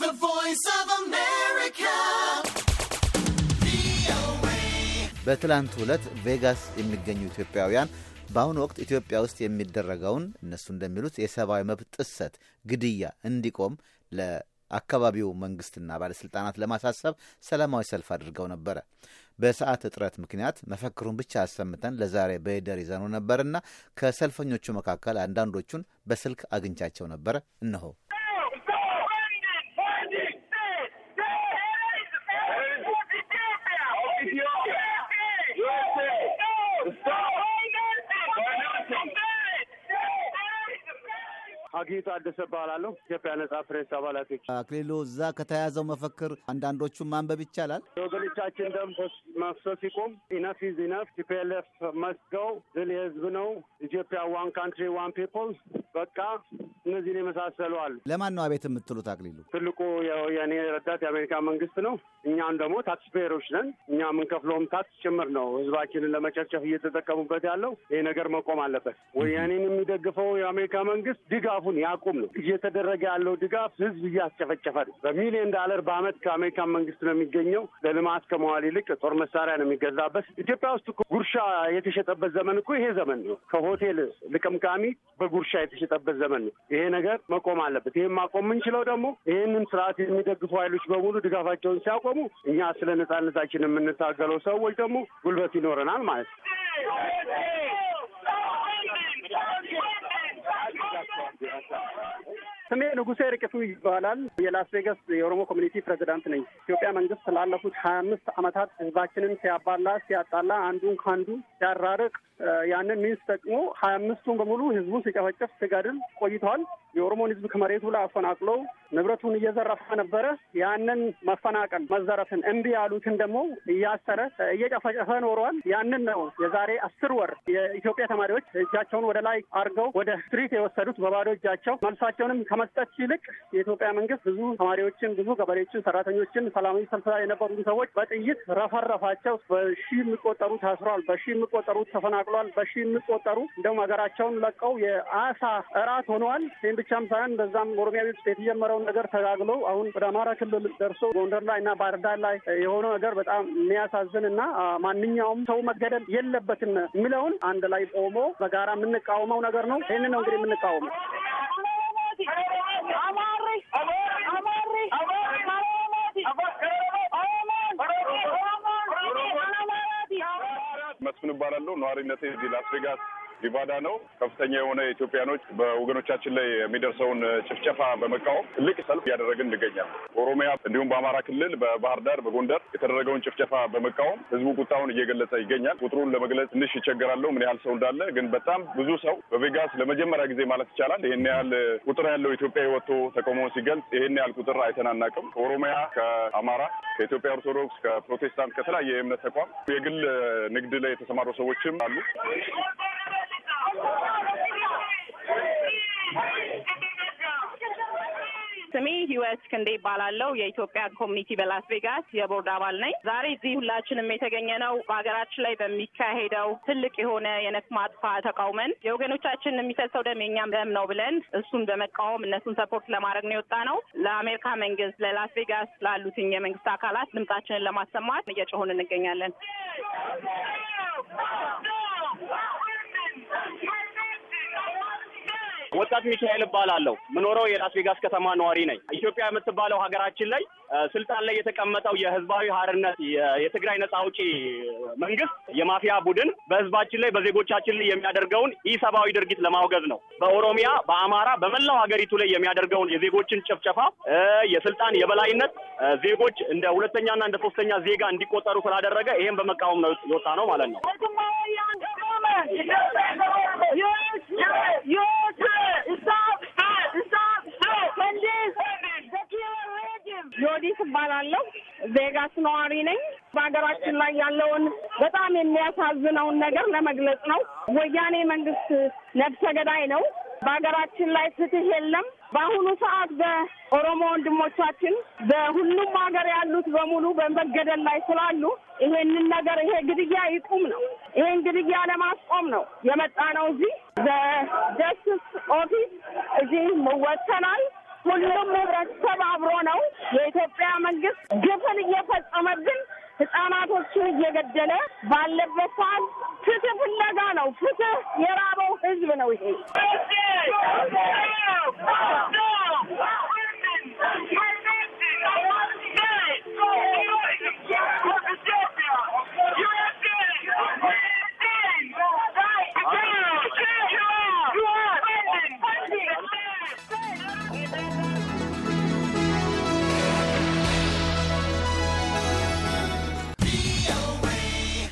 The Voice of America. በትላንት ሁለት ቬጋስ የሚገኙ ኢትዮጵያውያን በአሁኑ ወቅት ኢትዮጵያ ውስጥ የሚደረገውን እነሱ እንደሚሉት የሰብአዊ መብት ጥሰት፣ ግድያ እንዲቆም ለአካባቢው መንግስትና ባለስልጣናት ለማሳሰብ ሰላማዊ ሰልፍ አድርገው ነበረ። በሰዓት እጥረት ምክንያት መፈክሩን ብቻ አሰምተን ለዛሬ በይደር ይዘኑ ነበርና ከሰልፈኞቹ መካከል አንዳንዶቹን በስልክ አግኝቻቸው ነበረ። እነሆ ሀጌታ አደሰ እባላለሁ። ኢትዮጵያ ነጻ ፕሬስ አባላቶች አክሊሉ፣ እዛ ከተያዘው መፈክር አንዳንዶቹን ማንበብ ይቻላል። የወገኖቻችን ደም መፍሰስ ሲቆም ኢነፍ ኢዝ ኢነፍ፣ ቲፒኤልኤፍ መስገው ድል የህዝብ ነው፣ ኢትዮጵያ ዋን ካንትሪ ዋን ፒፕል በቃ እነዚህን የመሳሰሉ አሉ። ለማን ነው አቤት የምትሉት? አክሊሉ ትልቁ የወያኔ ረዳት የአሜሪካ መንግስት ነው። እኛም ደግሞ ታክስ ፔየሮች ነን። እኛ የምንከፍለውም ታክስ ጭምር ነው ህዝባችንን ለመጨፍጨፍ እየተጠቀሙበት ያለው። ይህ ነገር መቆም አለበት። ወያኔን የሚደግፈው የአሜሪካ መንግስት ድጋፉን ያቁም ነው። እየተደረገ ያለው ድጋፍ ህዝብ እያስጨፈጨፈ ነው። በሚሊዮን ዳለር በአመት ከአሜሪካ መንግስት ነው የሚገኘው። ለልማት ከመዋል ይልቅ ጦር መሳሪያ ነው የሚገዛበት። ኢትዮጵያ ውስጥ ጉርሻ የተሸጠበት ዘመን እኮ ይሄ ዘመን ነው። ከሆቴል ልቅምቃሚ በጉርሻ የተ የተሸጠበት ዘመን ነው። ይሄ ነገር መቆም አለበት። ይህም ማቆም የምንችለው ደግሞ ይህንን ስርዓት የሚደግፉ ኃይሎች በሙሉ ድጋፋቸውን ሲያቆሙ፣ እኛ ስለ ነጻነታችን የምንታገለው ሰዎች ደግሞ ጉልበት ይኖረናል ማለት ነው። ስሜ ንጉሴ ርቅቱ ይባላል። የላስ ቬገስ የኦሮሞ ኮሚኒቲ ፕሬዚዳንት ነኝ። ኢትዮጵያ መንግስት ላለፉት ሀያ አምስት ዓመታት ህዝባችንን ሲያባላ ሲያጣላ፣ አንዱን ከአንዱ ሲያራርቅ ያንን ሚንስ ጠቅሞ ሀያ አምስቱን በሙሉ ህዝቡ ሲጨፈጨፍ ሲገድል ቆይተዋል። የኦሮሞን ህዝብ ከመሬቱ ላይ አፈናቅለው ንብረቱን እየዘረፈ ነበረ። ያንን መፈናቀል መዘረፍን እምቢ ያሉትን ደግሞ እያሰረ እየጨፈጨፈ ኖሯል። ያንን ነው የዛሬ አስር ወር የኢትዮጵያ ተማሪዎች እጃቸውን ወደ ላይ አድርገው ወደ ስትሪት የወሰዱት በባዶ እጃቸው መልሳቸውንም ከመስጠት ይልቅ የኢትዮጵያ መንግስት ብዙ ተማሪዎችን፣ ብዙ ገበሬዎችን፣ ሰራተኞችን፣ ሰላማዊ ሰልፍ ላይ ሰዎች በጥይት ረፈረፋቸው። በሺ የሚቆጠሩ ታስሯል። በሺ የሚቆጠሩ ተፈናቅሏል። በሺ የሚቆጠሩ እንደውም ሀገራቸውን ለቀው የአሳ እራት ሆነዋል። ይህም ብቻም ሳይሆን በዛም ኦሮሚያ ውስጥ የተጀመረውን ነገር ተጋግሎ አሁን ወደ አማራ ክልል ደርሶ ጎንደር ላይ እና ባህርዳር ላይ የሆነው ነገር በጣም የሚያሳዝን እና ማንኛውም ሰው መገደል የለበትም የሚለውን አንድ ላይ ቆሞ በጋራ የምንቃወመው ነገር ነው። ይህንን ነው እንግዲህ የምንቃወመው። መስፍን እባላለሁ። ነዋሪነቴ ላስ ቬጋስ ሊባዳ ነው። ከፍተኛ የሆነ ኢትዮጵያኖች በወገኖቻችን ላይ የሚደርሰውን ጭፍጨፋ በመቃወም ትልቅ ሰልፍ እያደረግን እንገኛል። ኦሮሚያ እንዲሁም በአማራ ክልል በባህር ዳር፣ በጎንደር የተደረገውን ጭፍጨፋ በመቃወም ህዝቡ ቁጣውን እየገለጸ ይገኛል። ቁጥሩን ለመግለጽ ትንሽ ይቸገራለሁ ምን ያህል ሰው እንዳለ ግን በጣም ብዙ ሰው በቬጋስ ለመጀመሪያ ጊዜ ማለት ይቻላል ይህን ያህል ቁጥር ያለው ኢትዮጵያ ወጥቶ ተቃውሞውን ሲገልጽ ይህን ያህል ቁጥር አይተናናቅም። ከኦሮሚያ፣ ከአማራ፣ ከኢትዮጵያ ኦርቶዶክስ፣ ከፕሮቴስታንት ከተለያየ የእምነት ተቋም የግል ንግድ ላይ የተሰማሩ ሰዎችም አሉ። ስሜ ህይወት ክንዴ ይባላለው። የኢትዮጵያ ኮሚኒቲ በላስ ቬጋስ የቦርድ አባል ነኝ። ዛሬ እዚህ ሁላችንም የተገኘ ነው በሀገራችን ላይ በሚካሄደው ትልቅ የሆነ የነፍስ ማጥፋት ተቃውመን የወገኖቻችን የሚሰሰው ደም የኛም ደም ነው ብለን እሱን በመቃወም እነሱን ሰፖርት ለማድረግ ነው የወጣ ነው። ለአሜሪካ መንግስት፣ ለላስ ቬጋስ ላሉትኝ የመንግስት አካላት ድምጻችንን ለማሰማት እየጮሆን እንገኛለን። ወጣት ሚካኤል እባላለሁ። ምኖረው የላስ ቬጋስ ከተማ ነዋሪ ነኝ። ኢትዮጵያ የምትባለው ሀገራችን ላይ ስልጣን ላይ የተቀመጠው የህዝባዊ ሀርነት የትግራይ ነጻ አውጪ መንግስት የማፊያ ቡድን በህዝባችን ላይ በዜጎቻችን ላይ የሚያደርገውን ኢሰብአዊ ድርጊት ለማውገዝ ነው። በኦሮሚያ፣ በአማራ፣ በመላው ሀገሪቱ ላይ የሚያደርገውን የዜጎችን ጭፍጨፋ፣ የስልጣን የበላይነት ዜጎች እንደ ሁለተኛና እንደ ሶስተኛ ዜጋ እንዲቆጠሩ ስላደረገ ይህም በመቃወም ነው የወጣ ነው ማለት ነው። ቬጋስ ነዋሪ ነኝ። በሀገራችን ላይ ያለውን በጣም የሚያሳዝነውን ነገር ለመግለጽ ነው። ወያኔ መንግስት ነፍሰ ገዳይ ነው። በሀገራችን ላይ ፍትህ የለም። በአሁኑ ሰዓት በኦሮሞ ወንድሞቻችን በሁሉም ሀገር ያሉት በሙሉ በመገደል ላይ ስላሉ ይሄንን ነገር ይሄ ግድያ ይቁም ነው። ይሄን ግድያ ለማስቆም ነው የመጣ ነው። እዚህ በጀስትስ ኦፊስ እዚህ ወጥተናል። ሰዎችን እየገደለ ባለበት ሰዓት ፍትህ ፍለጋ ነው። ፍትህ የራበው ህዝብ ነው ይሄ